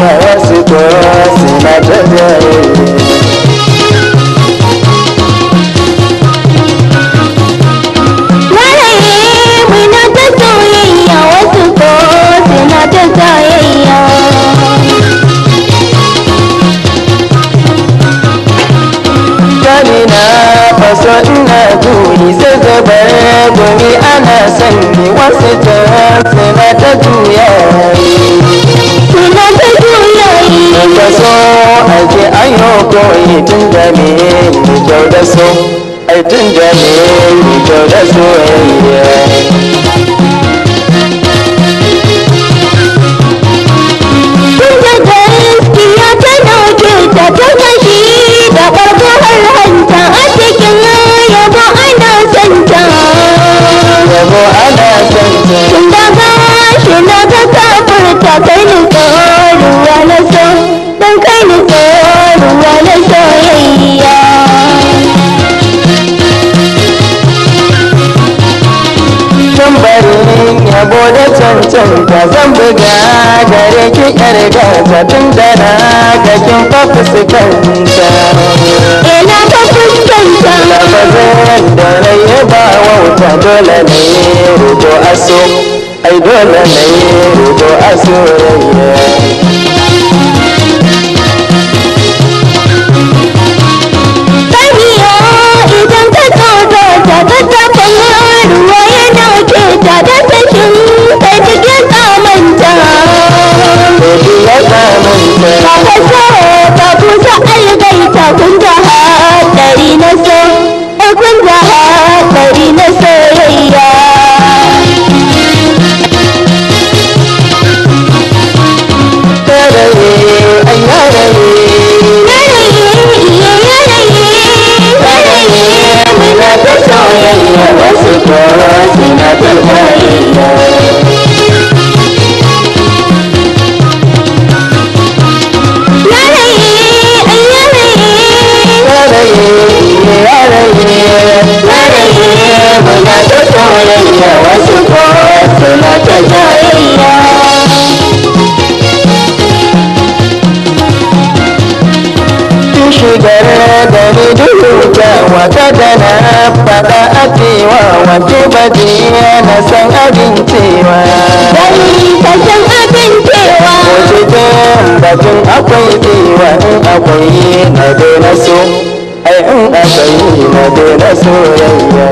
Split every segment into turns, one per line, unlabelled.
mawasito sinatetea so ina juyi sai zabar gumi ana son ni wasu ta suna ta juyi 过一枕着你，你就在睡，哎，枕着眠，一觉着睡。zan buga gare ki yar gasa tun da na ga kin fa fuskanta ina ta fuskanta lafazin da na yi ba wauta dole ne rubo aso ai dole ne rubo aso rayuwa muna ta soyayya wasu ko suna ta jayayya shigar da ni duhu duka wata da na faɗa a cewa wace baje na san abin cewa Bari ta san abin cewa Wace ta batun akwai cewa in akwai na dai na so ai in aka yi na daina soyayya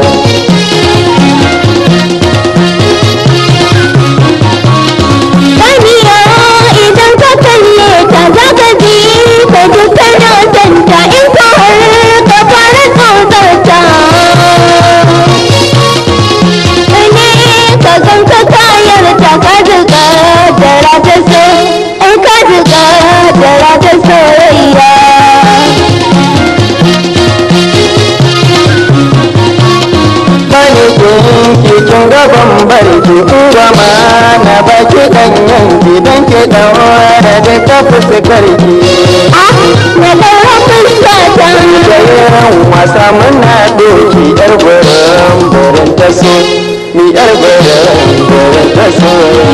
Samira idan ka kalle ta zaga ji ka ji kana santa in ka har ka fara tsotsar ta ne ka gan ka kayar ta ka zuga da rata so in ka zuga da rata so gaban barki
uwa ma na baki ɗanyen gidan ki ɗaura da ta fuskar ah, wasa muna ɗoki ‘yar gwaran barin ta so, ‘yar gwaran barin